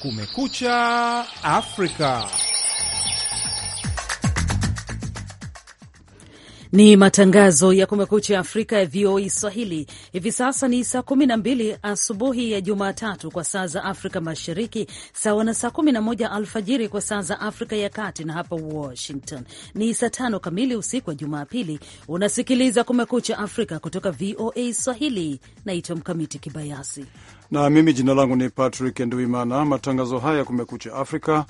Kumekucha Afrika. Ni matangazo ya Kumekucha Afrika ya VOA e Swahili. Hivi sasa ni saa mbili asubuhi ya Jumatatu kwa saa za Afrika Mashariki, sawa na saa 11 alfajiri kwa saa za Afrika ya Kati, na hapa Washington ni saa tano kamili usiku wa Jumapili. Unasikiliza Kumekucha Afrika kutoka VOA e Swahili. Naitwa Mkamiti Kibayasi na mimi jina langu ni Patrick Nduimana. Matangazo haya ya Kumekucha Afrika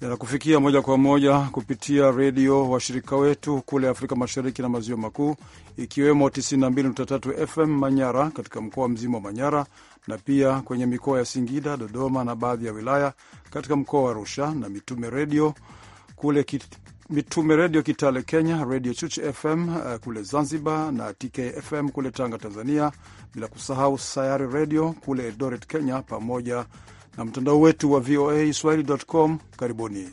yanakufikia moja kwa moja kupitia redio washirika wetu kule Afrika Mashariki na Maziwa Makuu, ikiwemo 92.3 FM Manyara katika mkoa mzima wa Manyara na pia kwenye mikoa ya Singida, Dodoma na baadhi ya wilaya katika mkoa wa Arusha na Mitume Redio kule kit Mitume Redio Kitale Kenya, Redio Chuch FM uh, kule Zanzibar na TK FM kule Tanga Tanzania, bila kusahau Sayari Redio kule Eldoret Kenya, pamoja na mtandao wetu wa VOA Swahili.com. Karibuni.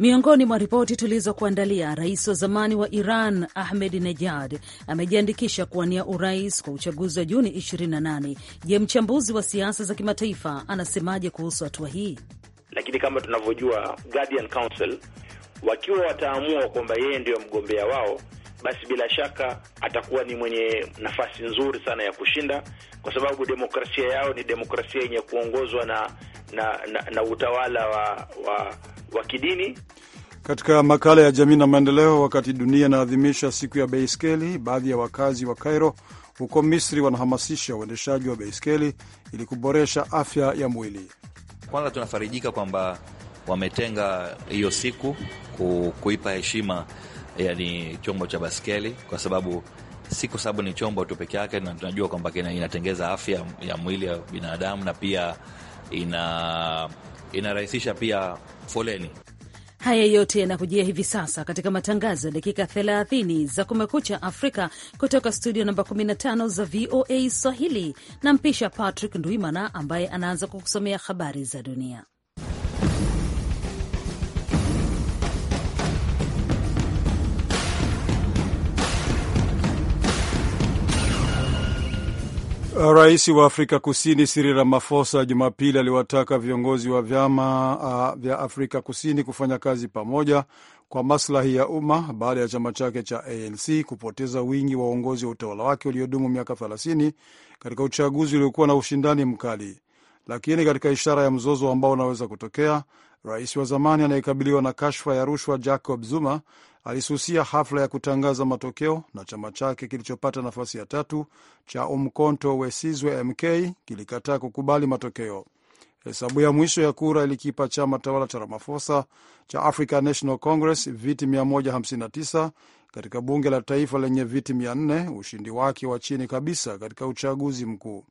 Miongoni mwa ripoti tulizokuandalia, rais wa zamani wa Iran Ahmed Nejad amejiandikisha kuwania urais kwa uchaguzi wa Juni 28. Je, mchambuzi wa siasa za kimataifa anasemaje kuhusu hatua hii? Lakini kama tunavyojua, Guardian Council wakiwa wataamua kwamba yeye ndiyo mgombea wao basi bila shaka atakuwa ni mwenye nafasi nzuri sana ya kushinda, kwa sababu demokrasia yao ni demokrasia yenye kuongozwa na, na, na, na utawala wa, wa, wa kidini. Katika makala ya jamii na maendeleo, wakati dunia inaadhimisha siku ya baiskeli, baadhi ya wakazi wa Kairo huko Misri wanahamasisha uendeshaji wa baiskeli ili kuboresha afya ya mwili. Kwanza tunafarijika kwamba wametenga hiyo siku kuipa heshima yani eh, chombo cha baskeli, kwa sababu si kwa sababu ni chombo tu peke yake, na tunajua kwamba inatengeza afya ya mwili ya binadamu na pia ina inarahisisha pia foleni. Haya yote yanakujia hivi sasa katika matangazo ya dakika 30 za Kumekucha Afrika kutoka studio namba 15 za VOA Swahili. Nampisha Patrick Ndwimana ambaye anaanza kukusomea habari za dunia. Rais wa Afrika Kusini Cyril Ramaphosa Jumapili aliwataka viongozi wa vyama uh, vya Afrika Kusini kufanya kazi pamoja kwa maslahi ya umma baada ya chama chake cha ANC kupoteza wingi wa uongozi wa utawala wake uliodumu miaka 30 katika uchaguzi uliokuwa na ushindani mkali. Lakini katika ishara ya mzozo ambao unaweza kutokea, Rais wa zamani anayekabiliwa na kashfa ya rushwa Jacob Zuma alisusia hafla ya kutangaza matokeo na chama chake kilichopata nafasi ya tatu cha umkonto Wesizwe MK kilikataa kukubali matokeo. Hesabu ya mwisho ya kura ilikipa chama tawala cha ramafosa cha African National Congress viti 159 katika bunge la taifa lenye viti 400, ushindi wake wa chini kabisa katika uchaguzi mkuu.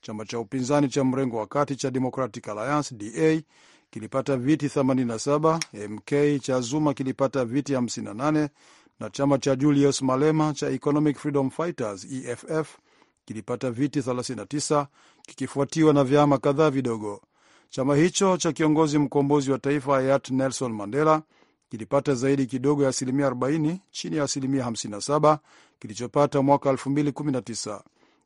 Chama cha upinzani cha mrengo wa kati cha Democratic Alliance DA kilipata viti 87, MK cha Zuma kilipata viti 58 na chama cha Julius Malema cha Economic Freedom Fighters EFF kilipata viti 39 kikifuatiwa na vyama kadhaa vidogo. Chama hicho cha kiongozi mkombozi wa taifa hayat Nelson Mandela kilipata zaidi kidogo ya asilimia 40 chini ya asilimia 57 kilichopata mwaka 2019.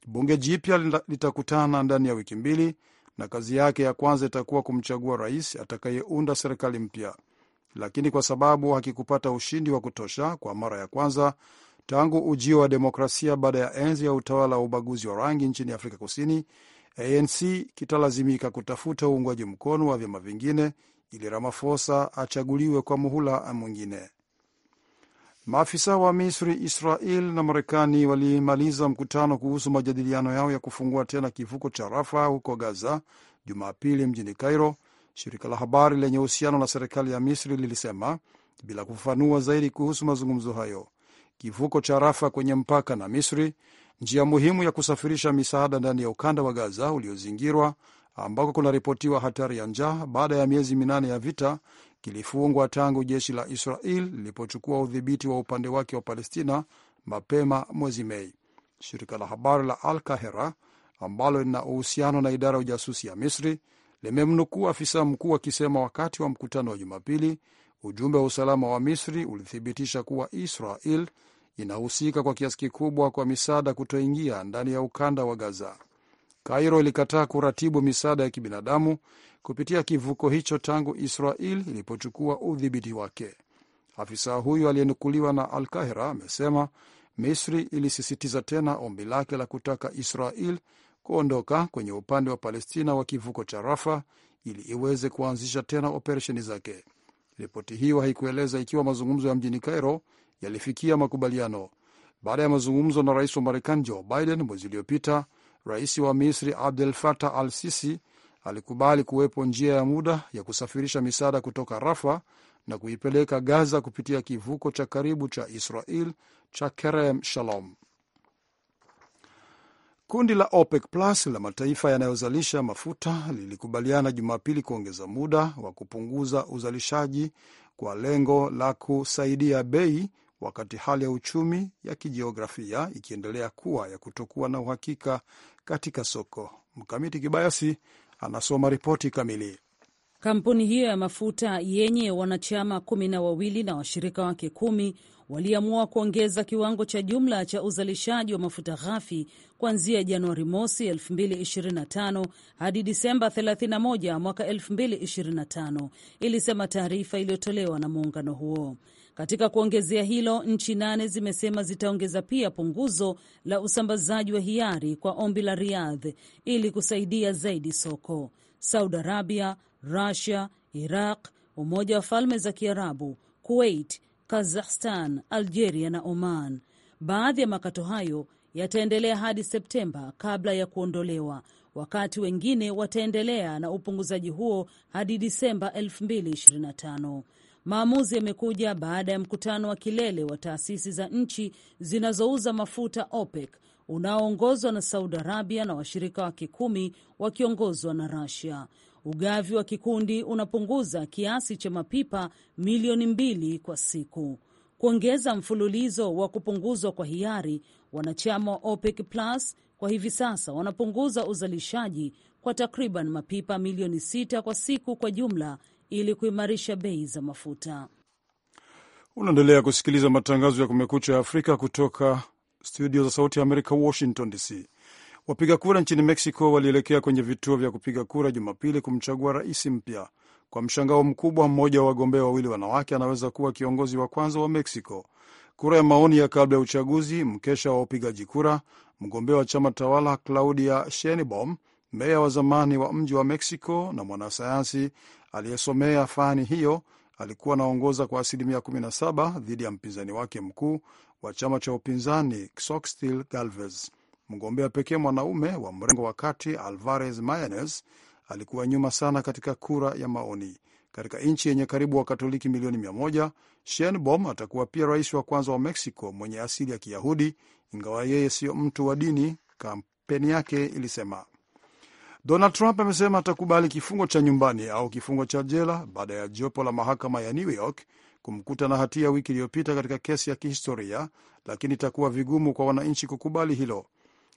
Bunge jipya litakutana ndani ya wiki mbili na kazi yake ya kwanza itakuwa kumchagua rais atakayeunda serikali mpya. Lakini kwa sababu hakikupata ushindi wa kutosha kwa mara ya kwanza tangu ujio wa demokrasia baada ya enzi ya utawala wa ubaguzi wa rangi nchini Afrika Kusini, ANC kitalazimika kutafuta uungwaji mkono wa vyama vingine ili Ramaphosa achaguliwe kwa muhula mwingine. Maafisa wa Misri, Israel na Marekani walimaliza mkutano kuhusu majadiliano yao ya kufungua tena kivuko cha Rafa huko Gaza Jumapili mjini Cairo, shirika la habari lenye uhusiano na serikali ya Misri lilisema bila kufafanua zaidi kuhusu mazungumzo hayo. Kivuko cha Rafa kwenye mpaka na Misri, njia muhimu ya kusafirisha misaada ndani ya ukanda wa Gaza uliozingirwa, ambako kunaripotiwa hatari ya njaa baada ya miezi minane ya vita, kilifungwa tangu jeshi la Israel lilipochukua udhibiti wa upande wake wa Palestina mapema mwezi Mei. Shirika la habari la Al Kahera ambalo lina uhusiano na idara ya ujasusi ya Misri limemnukuu afisa mkuu akisema wakati wa mkutano wa Jumapili, ujumbe wa usalama wa Misri ulithibitisha kuwa Israel inahusika kwa kiasi kikubwa kwa misaada kutoingia ndani ya ukanda wa Gaza. Kairo ilikataa kuratibu misaada ya kibinadamu kupitia kivuko hicho tangu Israel ilipochukua udhibiti wake. Afisa huyu aliyenukuliwa na Al Kahira amesema Misri ilisisitiza tena ombi lake la kutaka Israel kuondoka kwenye upande wa Palestina wa kivuko cha Rafa ili iweze kuanzisha tena operesheni zake. Ripoti hiyo haikueleza ikiwa mazungumzo ya mjini Cairo yalifikia makubaliano. Baada ya mazungumzo na rais wa Marekani Joe Biden mwezi uliopita, Rais wa Misri Abdel Fattah al Sisi alikubali kuwepo njia ya muda ya kusafirisha misaada kutoka Rafa na kuipeleka Gaza kupitia kivuko cha karibu cha Israel cha Kerem Shalom. Kundi la OPEC Plus la mataifa yanayozalisha mafuta lilikubaliana Jumapili kuongeza muda wa kupunguza uzalishaji kwa lengo la kusaidia bei, wakati hali ya uchumi ya kijiografia ikiendelea kuwa ya kutokuwa na uhakika katika soko. Mkamiti Kibayasi anasoma ripoti kamili. Kampuni hiyo ya mafuta yenye wanachama kumi na wawili na washirika wake kumi waliamua kuongeza kiwango cha jumla cha uzalishaji wa mafuta ghafi kuanzia Januari mosi 2025 hadi Disemba 31 mwaka 2025, ilisema taarifa iliyotolewa na muungano huo. Katika kuongezea hilo, nchi nane zimesema zitaongeza pia punguzo la usambazaji wa hiari kwa ombi la Riyadh ili kusaidia zaidi soko. Saudi Arabia, Rusia, Iraq, Umoja wa Falme za Kiarabu, Kuwait, Kazakhstan, Algeria na Oman. Baadhi ya makato hayo yataendelea hadi Septemba kabla ya kuondolewa, wakati wengine wataendelea na upunguzaji huo hadi Disemba 2025. Maamuzi yamekuja baada ya mkutano wa kilele wa taasisi za nchi zinazouza mafuta OPEC unaoongozwa na Saudi Arabia na washirika wake kumi wakiongozwa na Russia. Ugavi wa kikundi unapunguza kiasi cha mapipa milioni mbili kwa siku, kuongeza mfululizo wa kupunguzwa kwa hiari. Wanachama wa OPEC Plus kwa hivi sasa wanapunguza uzalishaji kwa takriban mapipa milioni sita kwa siku kwa jumla ili kuimarisha bei za mafuta. Unaendelea kusikiliza matangazo ya Kumekucha Afrika kutoka studio za Sauti ya Amerika, Washington DC. Wapiga kura nchini Mexico walielekea kwenye vituo vya kupiga kura Jumapili kumchagua rais mpya. Kwa mshangao mkubwa, mmoja wa wagombea wawili wanawake anaweza kuwa kiongozi wa kwanza wa Mexico. Kura ya maoni ya kabla ya uchaguzi, mkesha wa upigaji kura, mgombea wa chama tawala Claudia Sheinbaum, meya wa zamani wa mji wa Mexico na mwanasayansi aliyesomea fani hiyo alikuwa anaongoza kwa asilimia 17 dhidi ya mpinzani wake mkuu wa chama cha upinzani Xochitl Galvez. Mgombea pekee mwanaume wa mrengo wa kati Alvarez Mayanes alikuwa nyuma sana katika kura ya maoni. Katika nchi yenye karibu Wakatoliki milioni mia moja, Sheinbaum atakuwa pia rais wa kwanza wa Mexico mwenye asili ya Kiyahudi, ingawa yeye siyo mtu wa dini, kampeni yake ilisema. Donald Trump amesema atakubali kifungo cha nyumbani au kifungo cha jela baada ya jopo la mahakama ya New York kumkuta na hatia wiki iliyopita katika kesi ya kihistoria, lakini itakuwa vigumu kwa wananchi kukubali hilo.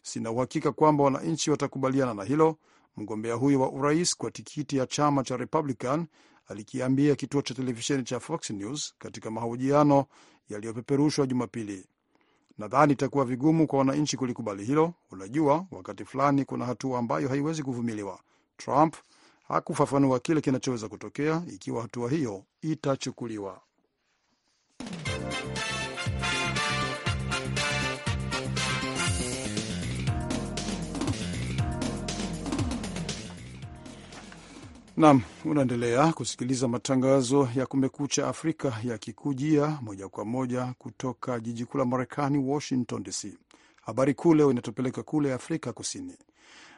Sina uhakika kwamba wananchi watakubaliana na hilo, mgombea huyo wa urais kwa tikiti ya chama cha Republican alikiambia kituo cha televisheni cha Fox News katika mahojiano yaliyopeperushwa Jumapili. Nadhani itakuwa vigumu kwa wananchi kulikubali hilo. Unajua, wakati fulani kuna hatua ambayo haiwezi kuvumiliwa. Trump hakufafanua kile kinachoweza kutokea ikiwa hatua hiyo itachukuliwa. Nam, unaendelea kusikiliza matangazo ya Kumekucha Afrika yakikujia moja kwa moja kutoka jiji kuu la Marekani, Washington DC. Habari kuu leo inatopeleka kule Afrika Kusini.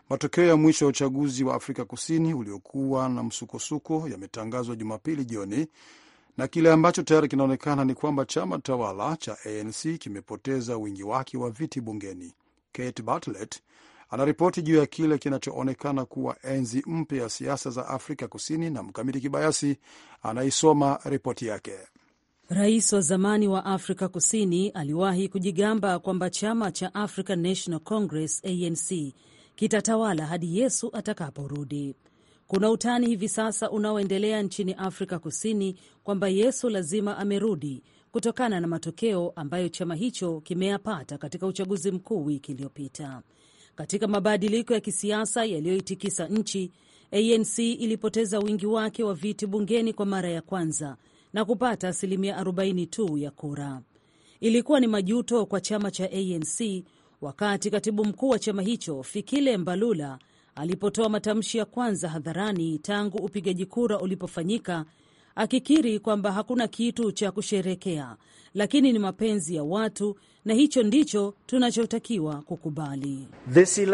Matokeo ya mwisho ya uchaguzi wa Afrika Kusini uliokuwa na msukosuko yametangazwa Jumapili jioni, na kile ambacho tayari kinaonekana ni kwamba chama tawala cha ANC kimepoteza wingi wake wa viti bungeni. Kate Bartlett anaripoti juu ya kile kinachoonekana kuwa enzi mpya ya siasa za Afrika Kusini, na Mkamiti Kibayasi anaisoma ripoti yake. Rais wa zamani wa Afrika Kusini aliwahi kujigamba kwamba chama cha African National Congress ANC kitatawala hadi Yesu atakaporudi. Kuna utani hivi sasa unaoendelea nchini Afrika Kusini kwamba Yesu lazima amerudi kutokana na matokeo ambayo chama hicho kimeyapata katika uchaguzi mkuu wiki iliyopita. Katika mabadiliko ya kisiasa yaliyoitikisa nchi, ANC ilipoteza wingi wake wa viti bungeni kwa mara ya kwanza na kupata asilimia 40 tu ya kura. Ilikuwa ni majuto kwa chama cha ANC wakati katibu mkuu wa chama hicho Fikile Mbalula alipotoa matamshi ya kwanza hadharani tangu upigaji kura ulipofanyika akikiri kwamba hakuna kitu cha kusherekea, lakini ni mapenzi ya watu na hicho ndicho tunachotakiwa kukubali.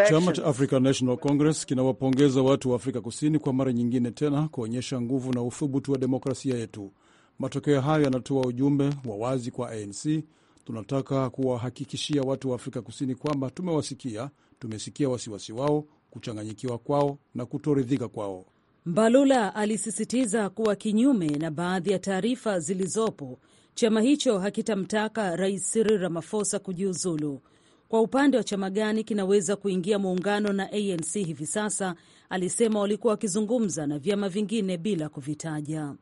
Chama cha African National Congress kinawapongeza watu wa Afrika Kusini kwa mara nyingine tena kuonyesha nguvu na uthubutu wa demokrasia yetu. Matokeo hayo yanatoa ujumbe wa wazi kwa ANC. Tunataka kuwahakikishia watu wa Afrika Kusini kwamba tumewasikia, tumesikia wasiwasi wao, kuchanganyikiwa kwao na kutoridhika kwao. Mbalula alisisitiza kuwa kinyume na baadhi ya taarifa zilizopo, chama hicho hakitamtaka Rais Cyril Ramaphosa kujiuzulu. Kwa upande wa chama gani kinaweza kuingia muungano na ANC hivi sasa, alisema walikuwa wakizungumza na vyama vingine bila kuvitaja.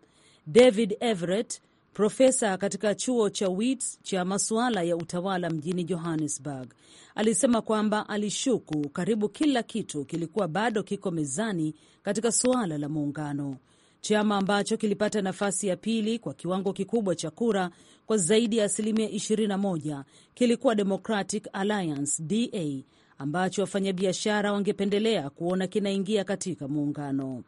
David Everett profesa katika chuo cha Wits cha masuala ya utawala mjini Johannesburg, alisema kwamba alishuku karibu kila kitu kilikuwa bado kiko mezani katika suala la muungano, chama ambacho kilipata nafasi ya pili kwa kiwango kikubwa cha kura kwa zaidi ya asilimia 21 kilikuwa Democratic Alliance DA, ambacho wafanyabiashara wangependelea kuona kinaingia katika muungano.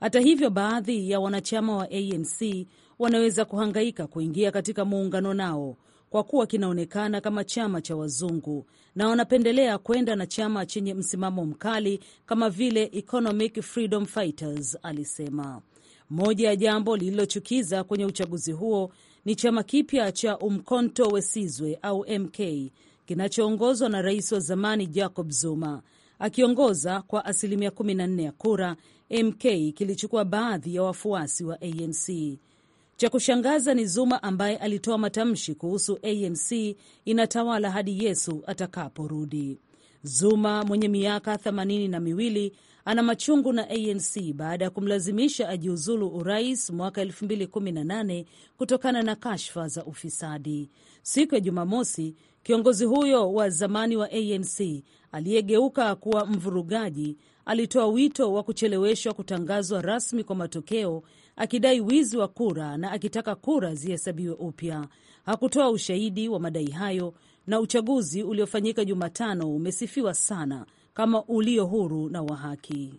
Hata hivyo, baadhi ya wanachama wa ANC wanaweza kuhangaika kuingia katika muungano nao kwa kuwa kinaonekana kama chama cha wazungu na wanapendelea kwenda na chama chenye msimamo mkali kama vile Economic Freedom Fighters, alisema. Moja ya jambo lililochukiza kwenye uchaguzi huo ni chama kipya cha umkonto wesizwe au MK kinachoongozwa na rais wa zamani Jacob Zuma akiongoza kwa asilimia 14 ya kura. MK kilichukua baadhi ya wafuasi wa ANC cha kushangaza ni Zuma ambaye alitoa matamshi kuhusu ANC inatawala hadi Yesu atakaporudi. Zuma mwenye miaka themanini na miwili ana machungu na ANC baada ya kumlazimisha ajiuzulu urais mwaka 2018 kutokana na kashfa za ufisadi. Siku ya Jumamosi, kiongozi huyo wa zamani wa ANC aliyegeuka kuwa mvurugaji alitoa wito wa kucheleweshwa kutangazwa rasmi kwa matokeo akidai wizi wa kura na akitaka kura zihesabiwe upya. Hakutoa ushahidi wa madai hayo, na uchaguzi uliofanyika Jumatano umesifiwa sana kama ulio huru na wa haki.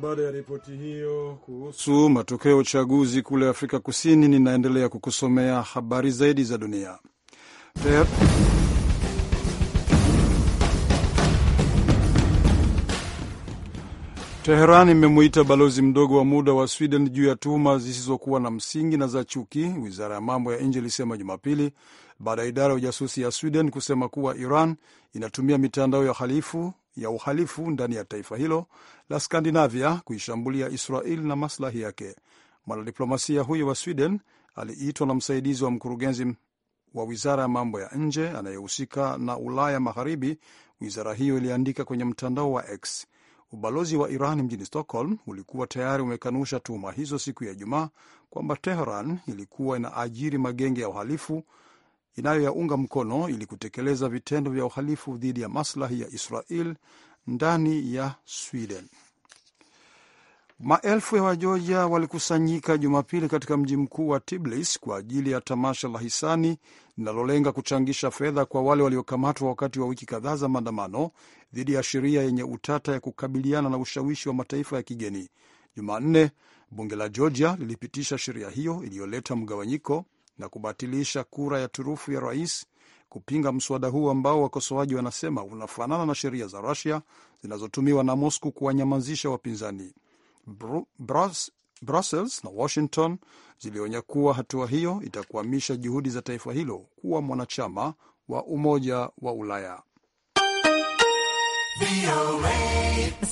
Baada ya ripoti hiyo kuhusu matokeo ya uchaguzi kule Afrika Kusini, ninaendelea kukusomea habari zaidi za dunia. Yep. Teheran imemwita balozi mdogo wa muda wa Sweden juu ya tuhuma zisizokuwa na msingi na za chuki, wizara ya mambo ya nje ilisema Jumapili baada ya idara ya ujasusi ya Sweden kusema kuwa Iran inatumia mitandao ya uhalifu ya uhalifu ndani ya taifa hilo la Skandinavia kuishambulia Israel na maslahi yake. Mwanadiplomasia huyo wa Sweden aliitwa na msaidizi wa mkurugenzi wa wizara ya mambo ya nje anayehusika na Ulaya Magharibi, wizara hiyo iliandika kwenye mtandao wa X. Ubalozi wa Iran mjini Stockholm ulikuwa tayari umekanusha tuhuma hizo siku ya Ijumaa kwamba Teheran ilikuwa inaajiri magenge ya uhalifu inayoyaunga mkono ili kutekeleza vitendo vya uhalifu dhidi ya maslahi ya Israel ndani ya Sweden. Maelfu ya Wajoja walikusanyika Jumapili katika mji mkuu wa tiblis kwa ajili ya tamasha la hisani linalolenga kuchangisha fedha kwa wale waliokamatwa wakati wa wiki kadhaa za maandamano dhidi ya sheria yenye utata ya kukabiliana na ushawishi wa mataifa ya kigeni. Jumanne, bunge la Georgia lilipitisha sheria hiyo iliyoleta mgawanyiko na kubatilisha kura ya turufu ya rais kupinga mswada huu ambao wakosoaji wanasema unafanana na sheria za Rusia zinazotumiwa na Moscow kuwanyamazisha wapinzani. Brussels na Washington zilionya kuwa hatua hiyo itakwamisha juhudi za taifa hilo kuwa mwanachama wa Umoja wa Ulaya.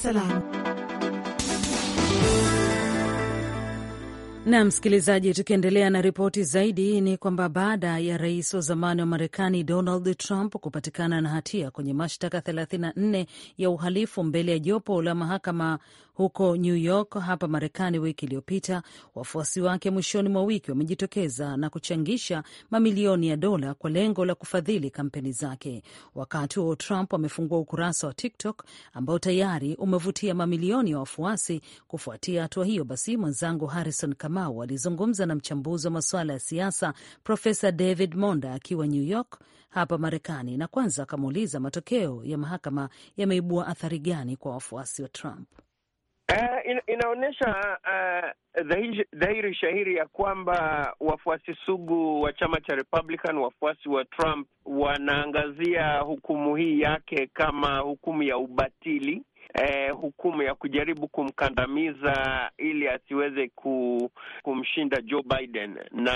Salam. Na msikilizaji, tukiendelea na ripoti zaidi ni kwamba baada ya rais wa zamani wa Marekani Donald Trump kupatikana na hatia kwenye mashtaka 34 ya uhalifu mbele ya jopo la mahakama huko New York hapa Marekani wiki iliyopita, wafuasi wake mwishoni mwa wiki wamejitokeza na kuchangisha mamilioni ya dola kwa lengo la kufadhili kampeni zake. Wakati huo Trump amefungua ukurasa wa TikTok ambao tayari umevutia mamilioni ya wafuasi. Kufuatia hatua hiyo, basi mwenzangu Harrison Kamau Kamau alizungumza na mchambuzi wa masuala ya siasa Profesa David Monda akiwa New York hapa Marekani, na kwanza akamuuliza matokeo ya mahakama yameibua athari gani kwa wafuasi wa Trump. Uh, eh, in, inaonyesha uh, dhahiri, shahiri ya kwamba wafuasi sugu wa chama cha Republican, wafuasi wa Trump wanaangazia hukumu hii yake kama hukumu ya ubatili eh, hukumu ya kujaribu kumkandamiza ili asiweze ku, kumshinda Joe Biden, na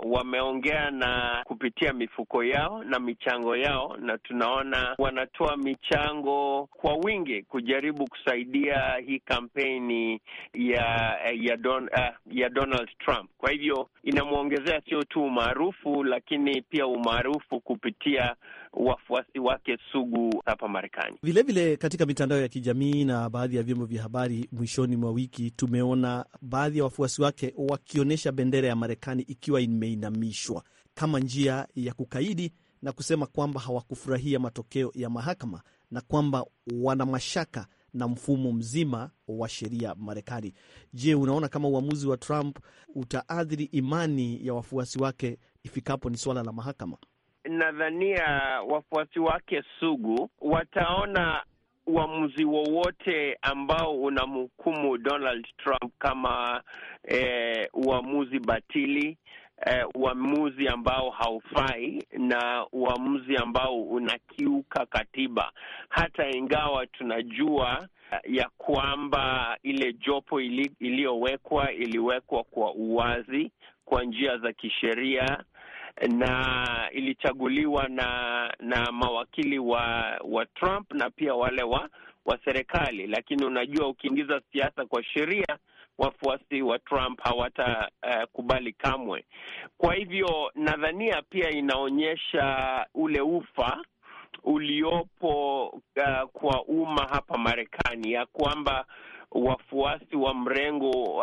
wameongea na kupitia mifuko yao na michango yao, na tunaona wanatoa michango kwa wingi kujaribu kusaidia hii kampeni ya ya, Don, uh, ya Donald Trump. Kwa hivyo inamwongezea sio tu umaarufu, lakini pia umaarufu kupitia wafuasi wake sugu hapa Marekani. Vilevile katika mitandao ya kijamii na baadhi ya vyombo vya habari, mwishoni mwa wiki tumeona baadhi ya wafuasi wake wakionyesha bendera ya Marekani ikiwa imeinamishwa kama njia ya kukaidi na kusema kwamba hawakufurahia matokeo ya mahakama na kwamba wana mashaka na mfumo mzima wa sheria Marekani. Je, unaona kama uamuzi wa Trump utaathiri imani ya wafuasi wake ifikapo ni suala la mahakama? nadhania wafuasi wake sugu wataona uamuzi wowote ambao unamhukumu Donald Trump kama eh, uamuzi batili eh, uamuzi ambao haufai na uamuzi ambao unakiuka katiba, hata ingawa tunajua ya kwamba ile jopo iliyowekwa iliwekwa kwa uwazi kwa njia za kisheria na ilichaguliwa na na mawakili wa wa Trump na pia wale wa wa serikali. Lakini unajua, ukiingiza siasa kwa sheria, wafuasi wa Trump hawatakubali eh, uh, kamwe. Kwa hivyo nadhania pia inaonyesha ule ufa uliopo uh, kwa umma hapa Marekani ya kwamba wafuasi wa mrengo uh,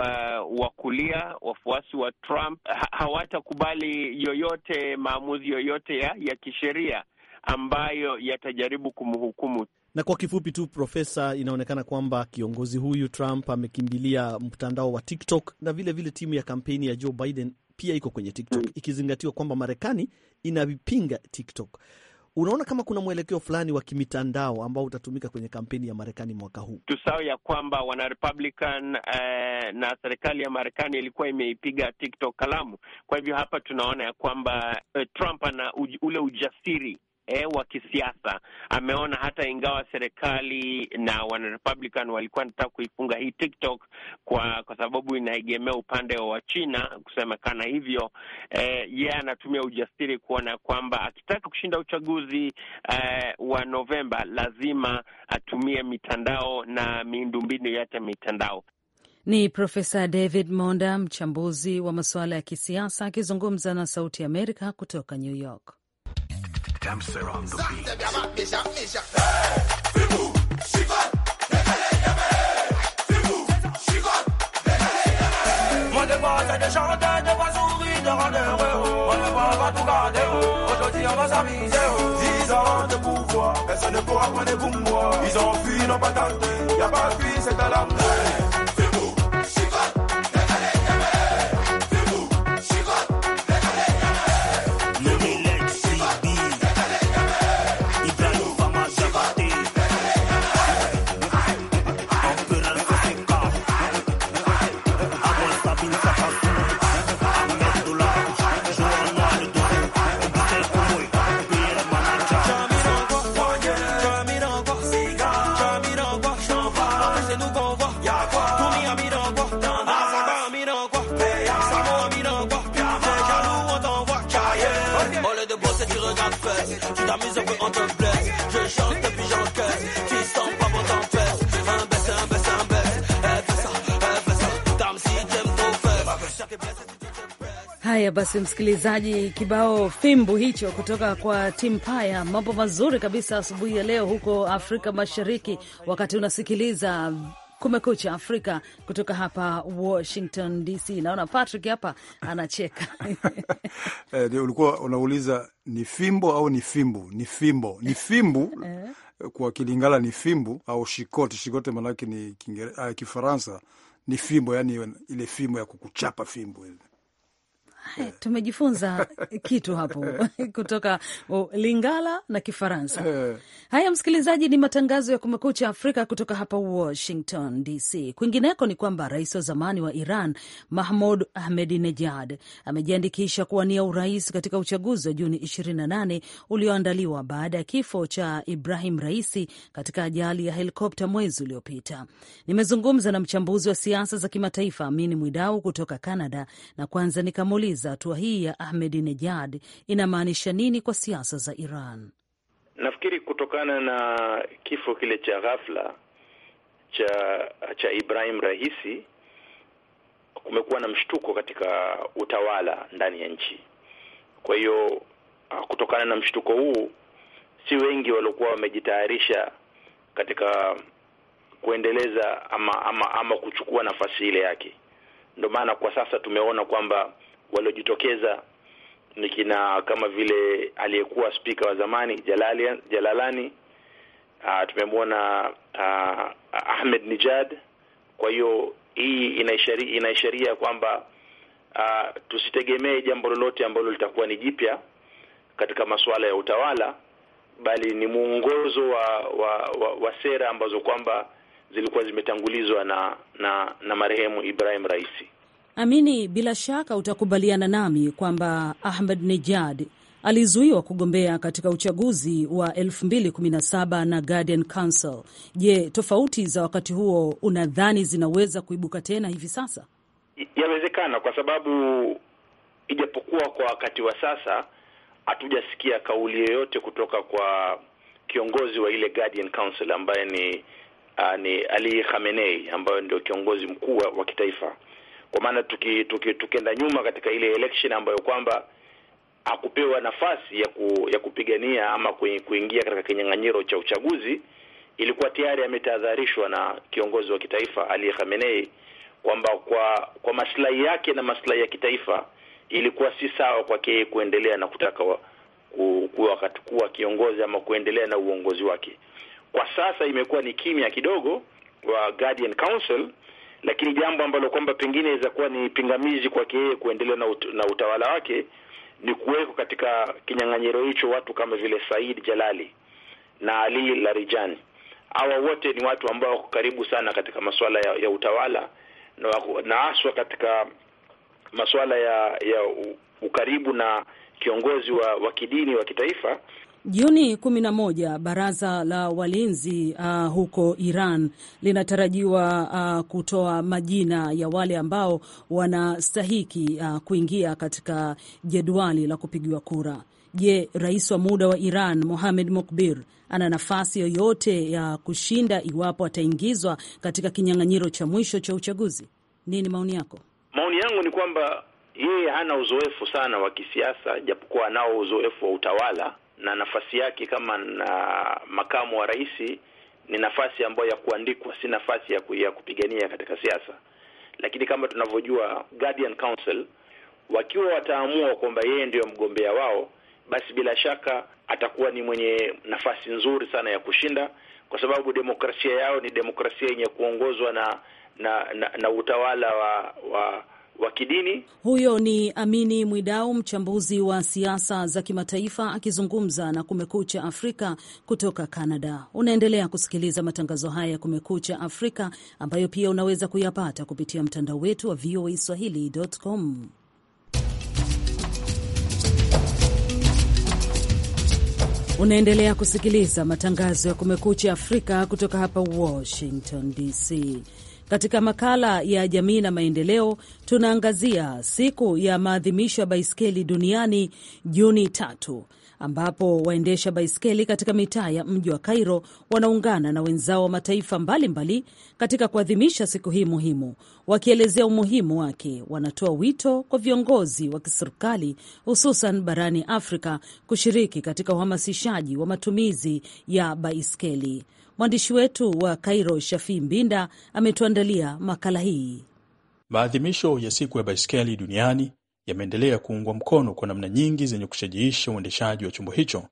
wa kulia, wafuasi wa Trump ha hawatakubali yoyote, maamuzi yoyote ya, ya kisheria ambayo yatajaribu kumhukumu. Na kwa kifupi tu, Profesa, inaonekana kwamba kiongozi huyu Trump amekimbilia mtandao wa TikTok na vile vile timu ya kampeni ya Joe Biden pia iko kwenye TikTok, mm. ikizingatiwa kwamba Marekani inavipinga TikTok. Unaona kama kuna mwelekeo fulani wa kimitandao ambao utatumika kwenye kampeni ya Marekani mwaka huu? Tusahau ya kwamba wanarepublican eh, na serikali ya Marekani ilikuwa imeipiga TikTok kalamu. Kwa hivyo hapa tunaona ya kwamba eh, Trump ana uj, ule ujasiri eh, wa kisiasa. Ameona hata ingawa serikali na wana Republican walikuwa wanataka kuifunga hii TikTok kwa kwa sababu inaegemea upande wa china kusemekana hivyo eh, yeye, yeah, anatumia ujasiri kuona kwamba akitaka kushinda uchaguzi eh, wa Novemba lazima atumie mitandao na miundombinu yote mitandao. Ni Profesa David Monda, mchambuzi wa masuala ya kisiasa, akizungumza na Sauti ya Amerika kutoka New York. Damser on the beat. des chandelles, des oiseaux, des râleurs, oh. On ne va pas tout garder, Aujourd'hui, on va s'amuser, oh. Dix de pouvoir, personne ne pourra prendre pour moi. Ils ont fui, nos pas Haya basi, msikilizaji, kibao fimbu hicho kutoka kwa Tim Paya. Mambo mazuri kabisa asubuhi ya leo huko Afrika Mashariki, wakati unasikiliza Kumekucha Afrika kutoka hapa Washington DC. Naona Patrick hapa anacheka eh, ulikuwa unauliza ni fimbo au ni fimbu? Ni fimbo, ni fimbu eh. kwa Kilingala ni fimbu au shikote. Shikote maanake ni ah, Kifaransa ni fimbo, yani ile fimbo ya kukuchapa fimbo ile Eh, tumejifunza kitu hapo kutoka oh, Lingala na Kifaransa. Eh. Haya, msikilizaji, ni matangazo ya Kumekucha Afrika kutoka hapa Washington DC. Kwingineko ni kwamba rais wa zamani wa Iran Mahmud Ahmedinejad amejiandikisha kuwania urais katika uchaguzi wa Juni 28 ulioandaliwa baada ya kifo cha Ibrahim Raisi katika ajali ya helikopta mwezi uliopita. Nimezungumza na mchambuzi wa siasa za kimataifa Amini Mwidau kutoka Canada na kwanza nikamuuliza kutueleza hatua hii ya Ahmadinejad inamaanisha nini kwa siasa za Iran. Nafikiri kutokana na kifo kile cha ghafla cha cha Ibrahim Raisi kumekuwa na mshtuko katika utawala ndani ya nchi. Kwa hiyo ah, kutokana na mshtuko huu, si wengi waliokuwa wamejitayarisha katika kuendeleza ama ama ama kuchukua nafasi ile yake. Ndio maana kwa sasa tumeona kwamba waliojitokeza ni kina kama vile aliyekuwa spika wa zamani Jalali, Jalalani. Uh, tumemwona uh, Ahmed Nijad. Kwa hiyo hii inaisharia, inaisharia kwamba uh, tusitegemee jambo lolote ambalo litakuwa ni jipya katika masuala ya utawala, bali ni mwongozo wa, wa, wa, wa sera ambazo kwamba zilikuwa zimetangulizwa na na, na marehemu Ibrahim Raisi. Amini, bila shaka utakubaliana nami kwamba ahmed nejad alizuiwa kugombea katika uchaguzi wa 2017 na Guardian Council. Je, tofauti za wakati huo unadhani zinaweza kuibuka tena hivi sasa? Yawezekana, kwa sababu ijapokuwa kwa wakati wa sasa hatujasikia kauli yoyote kutoka kwa kiongozi wa ile Guardian Council ambaye ni, uh, ni Ali Khamenei ambayo ndio kiongozi mkuu wa kitaifa kwa maana tukienda tuki, tuki nyuma katika ile election ambayo kwamba hakupewa nafasi ya ku, ya kupigania ama kuingia katika kinyang'anyiro cha uchaguzi, ilikuwa tayari ametahadharishwa na kiongozi wa kitaifa Ali Khamenei kwamba kwa kwa maslahi yake na maslahi ya kitaifa ilikuwa si sawa kwake kuendelea na kutaka wa, ku, ku, kuwa kiongozi ama kuendelea na uongozi wake. Kwa sasa imekuwa ni kimya kidogo wa Guardian Council lakini jambo ambalo kwamba pengine inaweza kuwa ni pingamizi kwake yeye kuendelea na, ut na utawala wake ni kuwekwa katika kinyang'anyiro hicho watu kama vile Said Jalali na Ali Larijani. Hawa wote ni watu ambao wako karibu sana katika masuala ya, ya utawala na haswa katika masuala ya, ya ukaribu na kiongozi wa, wa kidini wa kitaifa Juni 11 baraza la walinzi uh, huko Iran linatarajiwa uh, kutoa majina ya wale ambao wanastahiki uh, kuingia katika jedwali la kupigiwa kura. Je, rais wa muda wa Iran Mohamed Mokbir ana nafasi yoyote ya kushinda iwapo ataingizwa katika kinyang'anyiro cha mwisho cha uchaguzi? Nini maoni yako? Maoni yangu ni kwamba yeye hana uzoefu sana wa kisiasa, japokuwa anao uzoefu wa utawala na nafasi yake kama na makamu wa rais ni nafasi ambayo ya kuandikwa, si nafasi ya, ku, ya kupigania katika siasa. Lakini kama tunavyojua Guardian Council wakiwa wataamua kwamba yeye ndiyo mgombea wao, basi bila shaka atakuwa ni mwenye nafasi nzuri sana ya kushinda, kwa sababu demokrasia yao ni demokrasia yenye kuongozwa na na, na, na utawala wa, wa wa kidini. Huyo ni Amini Mwidau, mchambuzi wa siasa za kimataifa akizungumza na Kumekucha Afrika kutoka Canada. Unaendelea kusikiliza matangazo haya ya Kumekucha Afrika ambayo pia unaweza kuyapata kupitia mtandao wetu wa VOA swahili.com. Unaendelea kusikiliza matangazo ya Kumekucha Afrika kutoka hapa Washington DC. Katika makala ya jamii na maendeleo, tunaangazia siku ya maadhimisho ya baiskeli duniani Juni tatu, ambapo waendesha baiskeli katika mitaa ya mji wa Kairo wanaungana na wenzao wa mataifa mbalimbali mbali katika kuadhimisha siku hii muhimu. Wakielezea umuhimu wake, wanatoa wito kwa viongozi wa kiserikali hususan barani Afrika kushiriki katika uhamasishaji wa matumizi ya baiskeli. Mwandishi wetu wa Kairo, Shafii Mbinda, ametuandalia makala hii. Maadhimisho ya siku ya baiskeli duniani yameendelea kuungwa mkono kwa namna nyingi zenye kushajiisha uendeshaji wa chombo hicho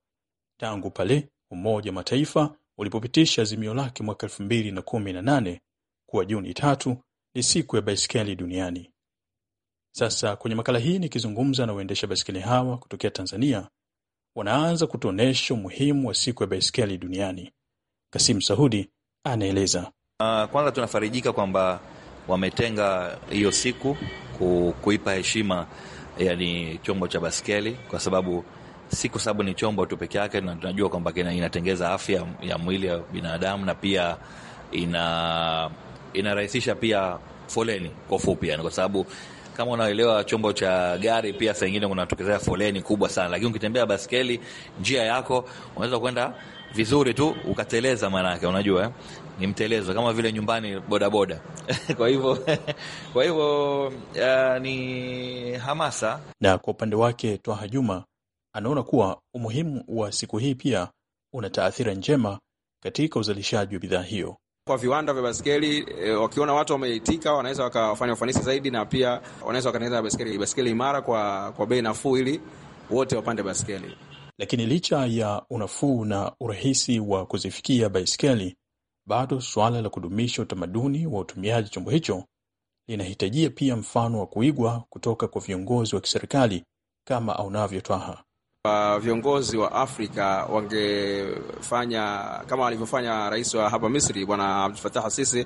tangu pale Umoja wa Mataifa ulipopitisha azimio lake mwaka elfu mbili na kumi na nane kuwa Juni tatu ni siku ya baiskeli duniani. Sasa kwenye makala hii nikizungumza na waendesha baiskeli hawa kutokea Tanzania, wanaanza kutuonyesha umuhimu wa siku ya baiskeli duniani Kasim Sahudi anaeleza. Uh, kwanza tunafarijika kwamba wametenga hiyo siku ku, kuipa heshima yani chombo cha baskeli kwa sababu si kwa sababu ni chombo tu peke yake, na tunajua kwamba inatengeza afya ya mwili ya binadamu na pia ina inarahisisha pia foleni kwa fupi, yani kwa sababu kama unaelewa chombo cha gari pia saa ingine kunatokezea foleni kubwa sana, lakini ukitembea baskeli njia yako unaweza kwenda vizuri tu ukateleza, maanake unajua eh? ni mtelezo kama vile nyumbani bodaboda kwa hivyo kwa hivyo uh, ni hamasa. Na kwa upande wake Twaha Juma anaona kuwa umuhimu wa siku hii pia una taathira njema katika uzalishaji wa bidhaa hiyo kwa viwanda vya baskeli e, eh, wakiona watu wameitika, wanaweza wakafanya ufanisi zaidi, na pia wanaweza wakatengeneza baskeli imara kwa, kwa bei nafuu ili wote wapande baskeli. Lakini licha ya unafuu na urahisi wa kuzifikia baiskeli, bado suala la kudumisha utamaduni wa utumiaji chombo hicho linahitajia pia mfano wa kuigwa kutoka kwa viongozi wa kiserikali kama aunavyo Twaha. Viongozi wa Afrika wangefanya kama alivyofanya rais wa hapa Misri Bwana Abdul Sisi,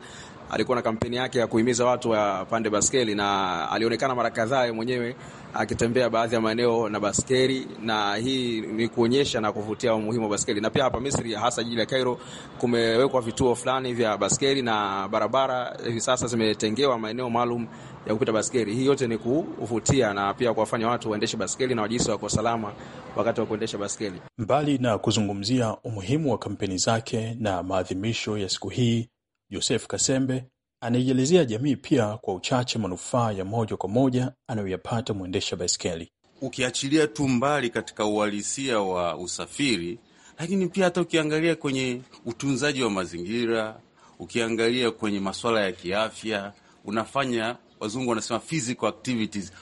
alikuwa na kampeni yake ya kuhimiza watu wapande baskeli, na alionekana mara kadhaa mwenyewe akitembea baadhi ya maeneo na baskeli, na hii ni kuonyesha na kuvutia umuhimu wa baskeli. Na pia hapa Misri, hasa jiji la Cairo, kumewekwa vituo fulani vya baskeli na barabara hivi sasa zimetengewa maeneo maalum ya kupita baskeli. Hii yote ni kuvutia na pia kuwafanya watu waendeshe baskeli na wajisi wako salama wakati wa kuendesha baskeli. Mbali na kuzungumzia umuhimu wa kampeni zake na maadhimisho ya siku hii, Joseph Kasembe anaielezea jamii pia kwa uchache manufaa ya moja kwa moja anayoyapata mwendesha baiskeli, ukiachilia tu mbali katika uhalisia wa usafiri, lakini pia hata ukiangalia kwenye utunzaji wa mazingira, ukiangalia kwenye masuala ya kiafya, unafanya wazungu wanasema physical activities,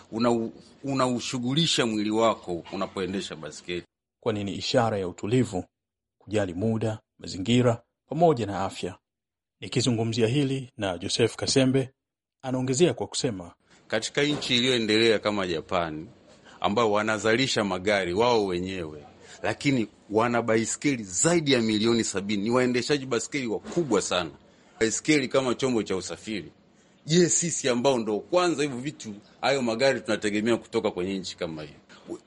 unaushughulisha una mwili wako unapoendesha baiskeli, kwani ni ishara ya utulivu, kujali muda, mazingira pamoja na afya. Nikizungumzia hili na Joseph Kasembe anaongezea kwa kusema, katika nchi iliyoendelea kama Japani ambayo wanazalisha magari wao wenyewe, lakini wana baiskeli zaidi ya milioni sabini. Ni waendeshaji baiskeli wakubwa sana, baiskeli kama chombo cha usafiri. Je, sisi ambao ndo kwanza hivyo vitu hayo magari tunategemea kutoka kwenye nchi kama hiyo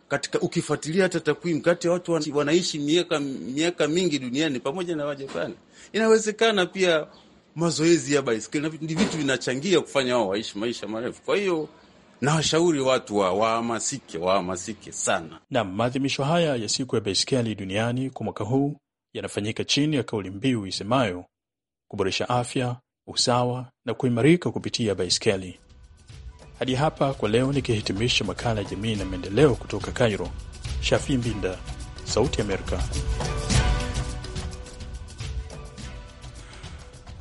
katika ukifuatilia hata takwimu kati ya watu wanaishi miaka miaka mingi duniani pamoja na Wajapani, inawezekana pia mazoezi ya baiskeli ni vitu vinachangia kufanya wao waishi maisha marefu. Kwa hiyo nawashauri watu wa wahamasike, wahamasike sana. Nam, maadhimisho haya ya siku ya baiskeli duniani kwa mwaka huu yanafanyika chini ya kauli mbiu isemayo kuboresha afya, usawa na kuimarika kupitia baiskeli. Hadi hapa kwa leo, nikihitimisha makala ya jamii na maendeleo kutoka Cairo. Shafi Mbinda, Sauti Amerika.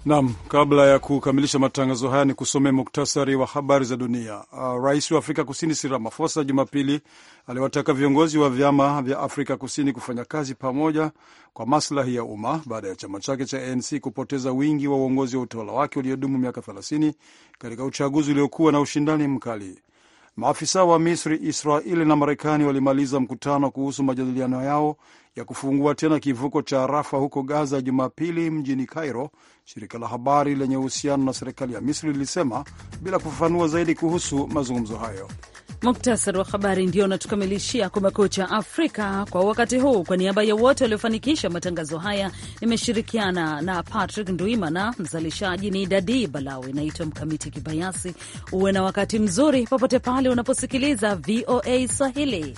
Nam, kabla ya kukamilisha matangazo haya ni kusomea muktasari wa habari za dunia. Uh, rais wa Afrika Kusini Cyril Ramaphosa Jumapili aliwataka viongozi wa vyama vya Afrika Kusini kufanya kazi pamoja kwa maslahi ya umma baada ya chama chake cha ANC kupoteza wingi wa uongozi wa utawala wake uliodumu miaka 30 katika uchaguzi uliokuwa na ushindani mkali. Maafisa wa Misri, Israeli na Marekani walimaliza mkutano kuhusu majadiliano yao ya kufungua tena kivuko cha Rafa huko Gaza Jumapili mjini Cairo, shirika la habari lenye uhusiano na serikali ya Misri lilisema bila kufafanua zaidi kuhusu mazungumzo hayo. Muktasari wa habari ndio unatukamilishia Kumekucha Afrika kwa wakati huu. Kwa niaba ya wote waliofanikisha matangazo haya, nimeshirikiana na Patrick Nduimana, mzalishaji ni Dadi Balawi. Naitwa Mkamiti Kibayasi. Uwe na wakati mzuri popote pale unaposikiliza VOA Swahili.